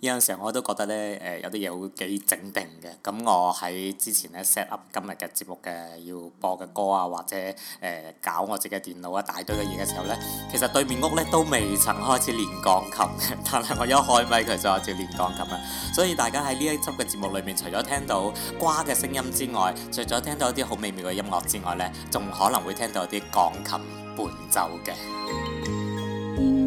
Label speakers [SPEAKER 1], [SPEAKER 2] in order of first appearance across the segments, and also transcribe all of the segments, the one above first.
[SPEAKER 1] 有陣時候我都覺得咧，誒、呃、有啲嘢好幾整定嘅。咁我喺之前咧 set up 今日嘅節目嘅，要播嘅歌啊，或者誒、呃、搞我自己電腦一、啊、大堆嘅嘢嘅時候呢，其實對面屋呢都未曾開始練鋼琴。但係我一開咪，佢就開始練鋼琴啦。所以大家喺呢一輯嘅節目裏面，除咗聽到瓜嘅聲音之外，除咗聽到一啲好微妙嘅音樂之外呢，仲可能會聽到一啲鋼琴伴奏嘅。
[SPEAKER 2] 迎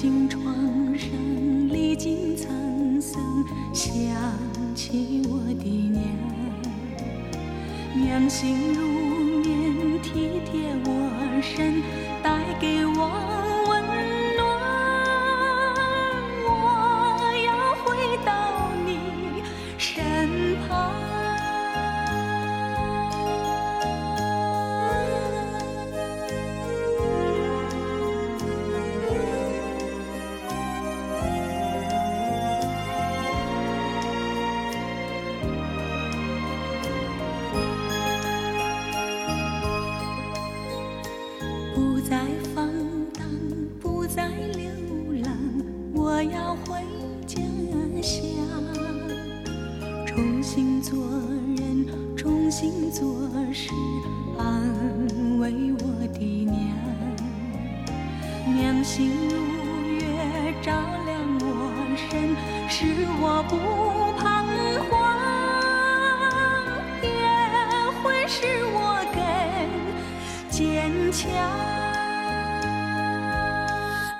[SPEAKER 2] 經窗上，歷經滄桑，想起我的娘，娘心。是我我不彷徨，也會使我更堅強。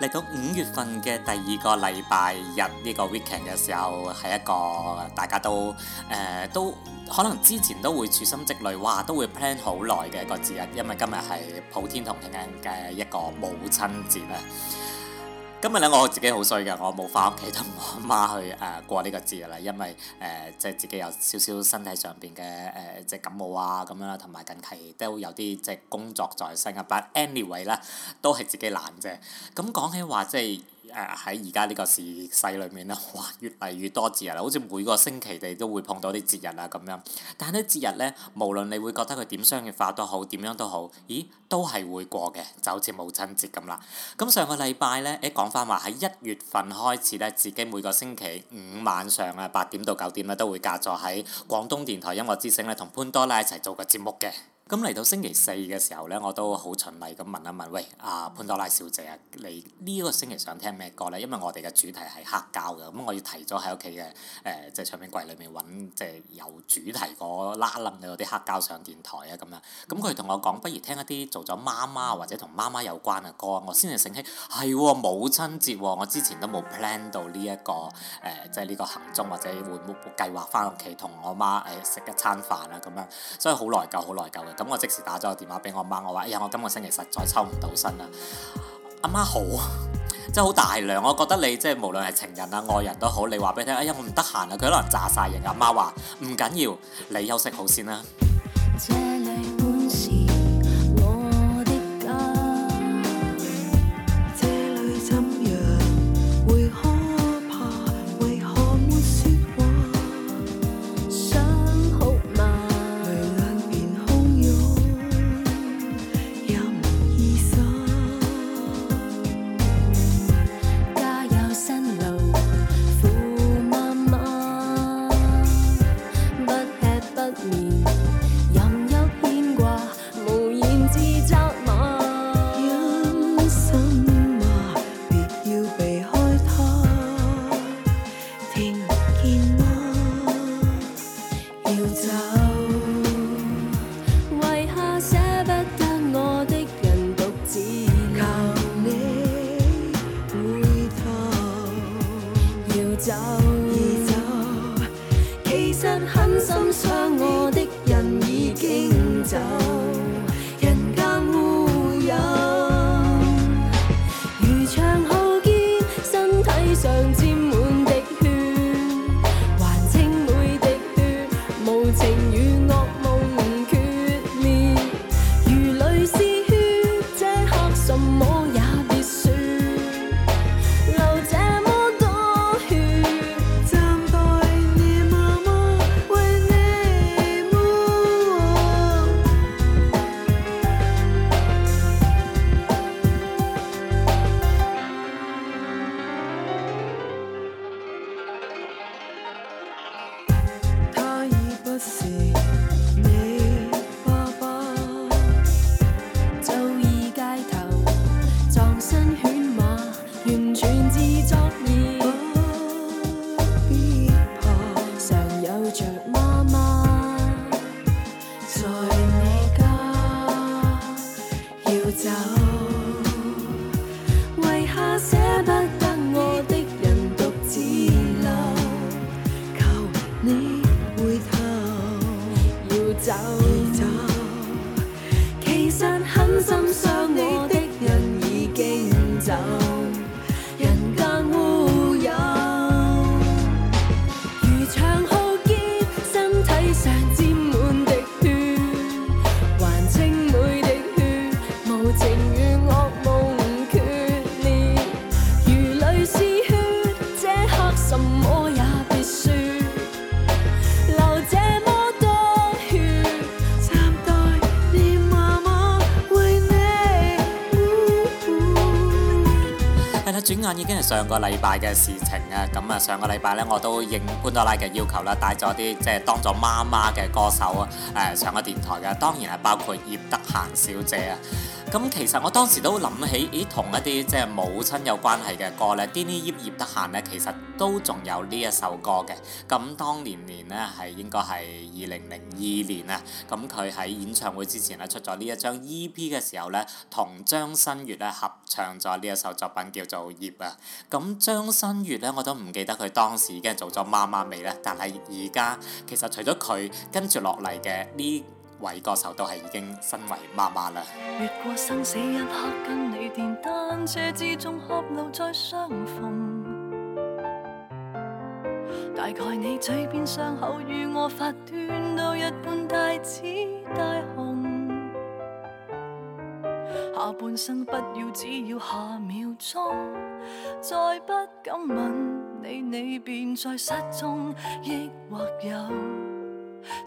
[SPEAKER 1] 嚟到五月份嘅第二個禮拜日呢、這個 weekend 嘅時候，係一個大家都誒、呃、都可能之前都會處心積慮，哇都會 plan 好耐嘅一個節日，因為今日係普天同慶嘅一個母親節啊！今日咧我自己好衰嘅，我冇翻屋企同我阿媽去誒、呃、過呢個節日啦，因為誒、呃、即係自己有少少身體上邊嘅誒即係感冒啊咁樣啦，同埋近期都有啲即係工作在身啊，but anyway 啦，都係自己懶啫。咁、嗯、講起話即係。喺而家呢個時勢裏面咧，哇！越嚟越多節日啦，好似每個星期你都會碰到啲節日啊咁樣。但係咧節日呢，無論你會覺得佢點商業化都好，點樣都好，咦，都係會過嘅，就好似母親節咁啦。咁上個禮拜呢，誒講翻話喺一月份開始呢，自己每個星期五晚上啊八點到九點呢，都會架座喺廣東電台音樂之星咧，同潘多拉一齊做個節目嘅。咁嚟到星期四嘅時候咧，我都好循例咁問一問，喂，啊潘多拉小姐啊，你呢個星期想聽咩歌咧？因為我哋嘅主題係黑膠嘅，咁我要提早喺屋企嘅誒，即、呃、係、就是、唱片櫃裏面揾，即、就、係、是、有主題嗰拉冧嘅嗰啲黑膠上電台啊，咁樣。咁佢同我講，不如聽一啲做咗媽媽或者同媽媽有關嘅歌，我先至醒起，係喎、哦、母親節喎，我之前都冇 plan 到呢、這、一個誒，即係呢個行蹤或者會唔會計劃翻屋企同我媽誒食一餐飯啊咁樣，所以好內疚，好內疚嘅。咁我即時打咗個電話俾我媽，我話，哎呀，我今個星期實在抽唔到身啊！阿媽好，即係好大量，我覺得你即係無論係情人啊、愛人都好，你話俾佢聽，哎呀，我唔得閒啊！佢可能炸晒人，阿媽話：唔緊要，你休息好先啦。上個禮拜嘅事情啊，咁啊上個禮拜呢，我都應潘多拉嘅要求啦，帶咗啲即係當咗媽媽嘅歌手誒、呃、上個電台嘅，當然係包括葉德嫻小姐啊。咁其實我當時都諗起，咦同一啲即係母親有關係嘅歌呢，Dini 葉德嫻呢，其實都仲有呢一首歌嘅。咁當年年呢，係應該係二零零二年啊。咁佢喺演唱會之前呢，出咗呢一張 E.P. 嘅時候呢，同張燊悅呢合唱咗呢一首作品叫做《孽》啊。咁張燊悅呢，我都唔記得佢當時已經做咗媽媽未呢。但係而家其實除咗佢跟住落嚟嘅呢。位歌手都係
[SPEAKER 2] 已經身為媽媽啦。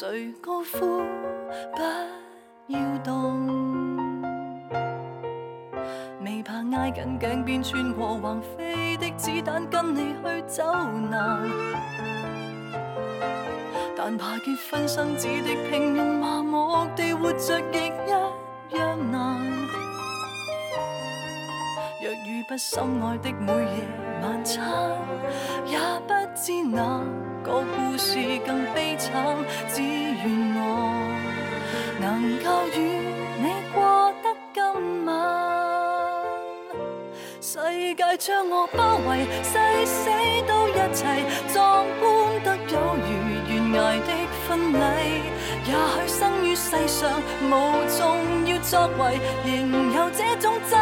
[SPEAKER 2] 誰高呼不要動？未怕捱緊頸邊穿過橫飛的子彈，跟你去走難。但怕結婚生子的平庸，麻木地活着亦一樣難。不心愛的每夜晚餐，也不知哪個故事更悲慘。只願我能夠與你過得今晚。世界將我包圍，誓死都一齊，壯觀得有如懸崖的婚禮。也許生於世上無重要作為，仍有這種真。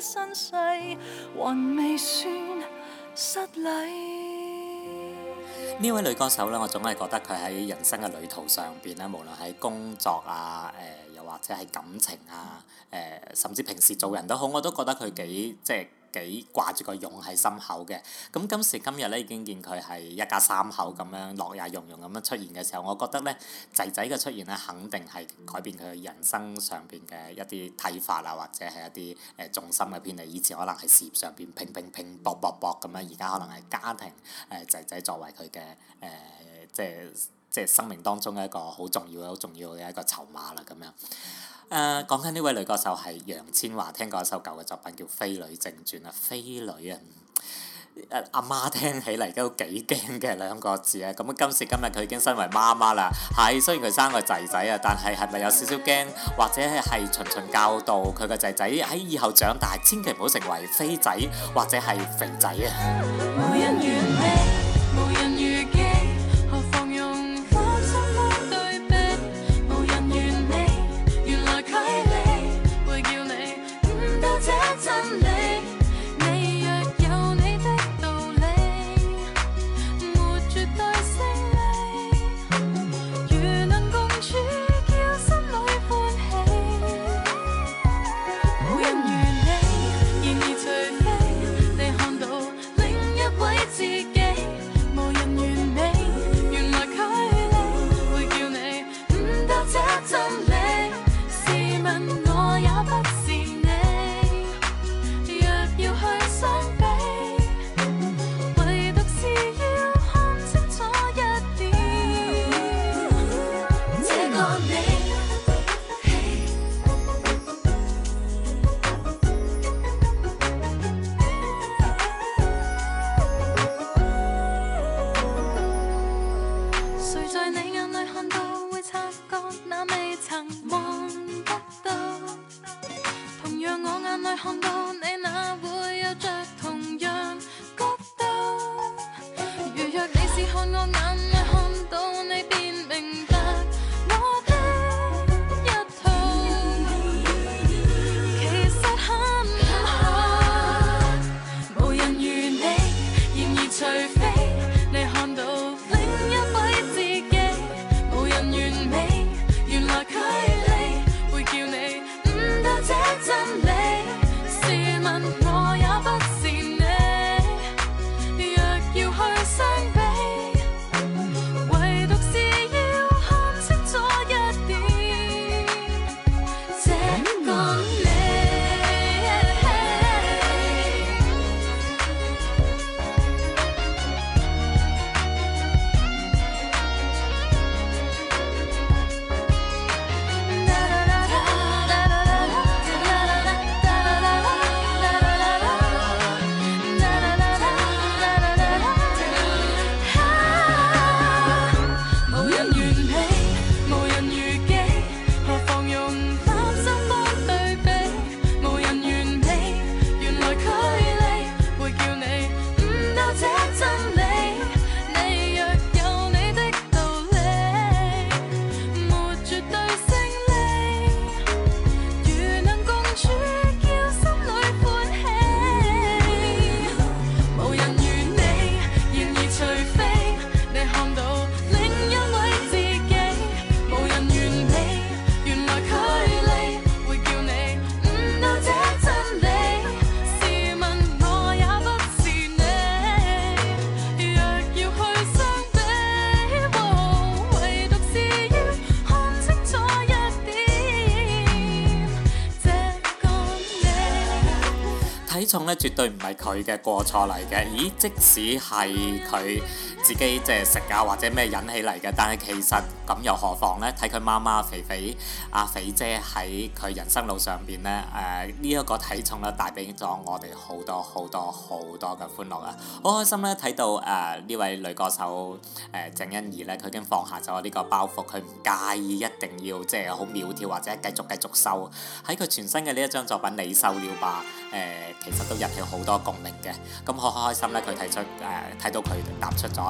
[SPEAKER 2] 身世，還未算失禮
[SPEAKER 1] 呢位女歌手呢，我總係覺得佢喺人生嘅旅途上邊咧，無論喺工作啊，誒、呃，又或者係感情啊，誒、呃，甚至平時做人都好，我都覺得佢幾即係。幾掛住個勇喺心口嘅，咁今時今日咧已經見佢係一家三口咁樣樂也融融咁樣出現嘅時候，我覺得咧仔仔嘅出現咧肯定係改變佢人生上邊嘅一啲睇法啊，或者係一啲誒重心嘅偏離。以前可能係事業上邊拼拼拼搏搏搏咁樣，而家可能係家庭誒仔仔作為佢嘅誒即係即係生命當中一個好重要好重要嘅一個籌碼啦咁樣。誒講緊呢位女歌手係楊千嬅，聽過一首舊嘅作品叫《飛女正傳》啊，《飛女》啊、呃，阿媽聽起嚟都幾驚嘅兩個字啊，咁、嗯、今時今日佢已經身為媽媽啦，係、哎、雖然佢生個仔仔啊，但係係咪有少少驚，或者係循循教導佢個仔仔喺以後長大，千祈唔好成為飛仔或者係肥仔啊。重咧，絕對唔係佢嘅過錯嚟嘅。咦，即使係佢。自己即係食啊，或者咩引起嚟嘅，但係其實咁又何妨咧？睇佢媽媽肥肥阿、啊、肥姐喺佢人生路上邊咧，誒呢一個體重咧，帶俾咗我哋好多好多好多嘅歡樂啊！好開心咧，睇到誒呢、呃、位女歌手誒鄭、呃、欣宜咧，佢已經放下咗呢個包袱，佢唔介意一定要即係好苗條或者繼續繼續瘦。喺佢全新嘅呢一張作品《你瘦了吧》呃，誒其實都引起好多共鳴嘅。咁、嗯、好開心咧，佢提出誒睇、呃、到佢答出咗。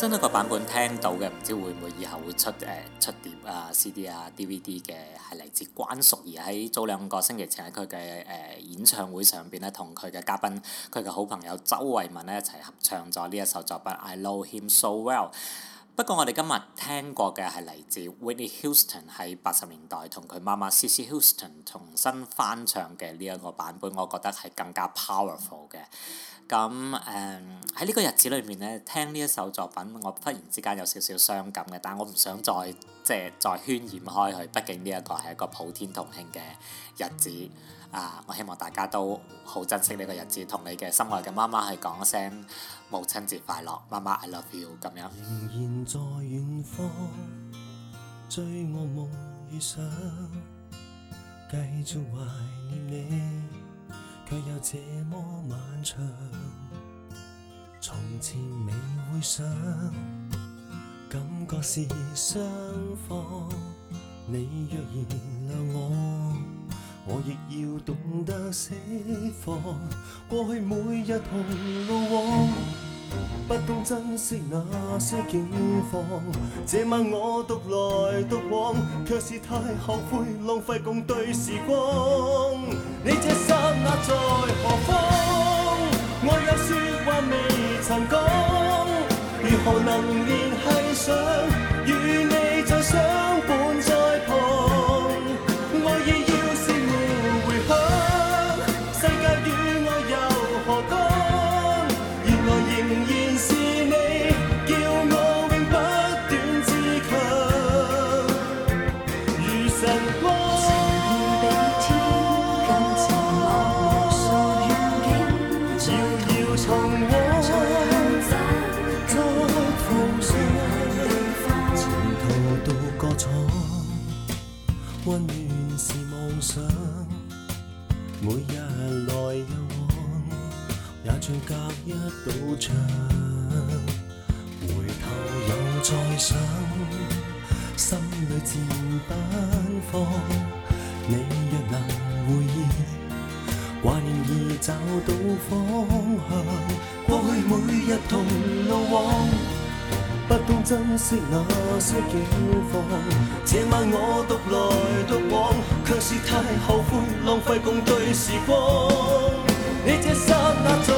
[SPEAKER 1] 新一個版本聽到嘅，唔知會唔會以後會出誒、呃、出碟啊 CD 啊 DVD 嘅，係嚟自關淑怡喺早兩個星期前喺佢嘅誒演唱會上邊咧，同佢嘅嘉賓佢嘅好朋友周慧敏咧一齊合唱咗呢一首作品 I Know Him So Well。不過我哋今日聽過嘅係嚟自 Whitney Houston 喺八十年代同佢媽媽 Cissy Houston 重新翻唱嘅呢一個版本，我覺得係更加 powerful 嘅。咁誒喺呢個日子裏面咧，聽呢一首作品，我忽然之間有少少傷感嘅，但我唔想再即係再渲染開去。畢竟呢一個係一個普天同慶嘅日子啊！我希望大家都好珍惜呢個日子，同你嘅心愛嘅媽媽去講聲母親節快樂，媽媽 I love
[SPEAKER 3] you 咁樣。卻又這麼漫長，從前未會想，感覺是雙方。你若原諒我，我亦要懂得釋放。過去每日同路往，不懂珍惜那些景況。這晚我獨來獨往，卻是太後悔，浪費共對時光。你這，那在何方？我有說話未曾講，如何能聯繫上？這晚我獨來獨往，却是太後悔浪費共對時光。你這剎那。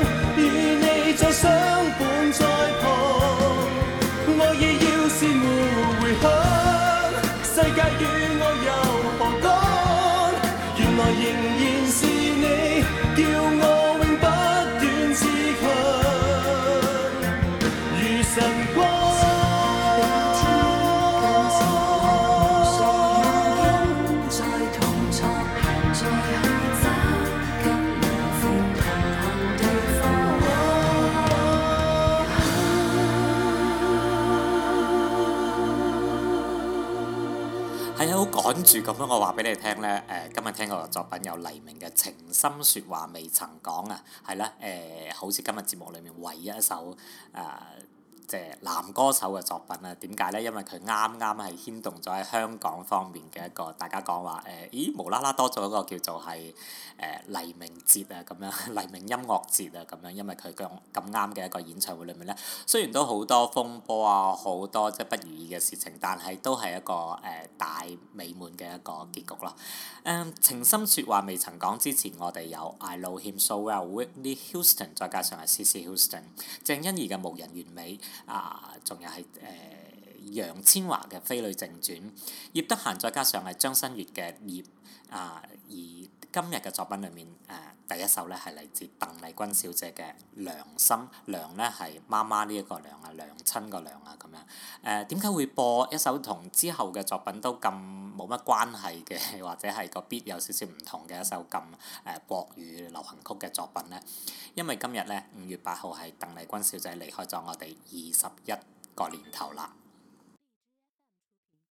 [SPEAKER 1] 咁樣、嗯、我話俾你聽咧，誒、呃，今日聽個作品有黎明嘅《情深說話未曾講》啊，係啦，誒、呃，好似今日節目裏面唯一一首啊，呃男歌手嘅作品啊，點解呢？因為佢啱啱係牽動咗喺香港方面嘅一個，大家講話誒，咦、欸、無啦啦多咗一個叫做係誒、呃、黎明節啊，咁樣黎明音樂節啊，咁樣，因為佢咁咁啱嘅一個演唱會裏面呢，雖然都好多風波啊，好多即係不如意嘅事情，但係都係一個誒、呃、大美滿嘅一個結局咯、呃。情深説話未曾講之前，我哋有 I Know Him So Well Whitney Houston，再加上係 Cissy Houston，鄭欣宜嘅無人完美。啊，仲有係誒、呃楊千嬅嘅《飛女正傳》，葉德嫻再加上係張燊悅嘅孽啊。而今日嘅作品裏面誒、啊、第一首咧係嚟自鄧麗君小姐嘅《娘心》呢，娘咧係媽媽呢一個娘啊，娘親個娘啊咁樣誒。點解會播一首同之後嘅作品都咁冇乜關係嘅，或者係個 beat 有少少唔同嘅一首咁誒、啊、國語流行曲嘅作品咧？因為今日咧五
[SPEAKER 4] 月八號係鄧麗君小姐離開咗我哋二十一個年頭啦。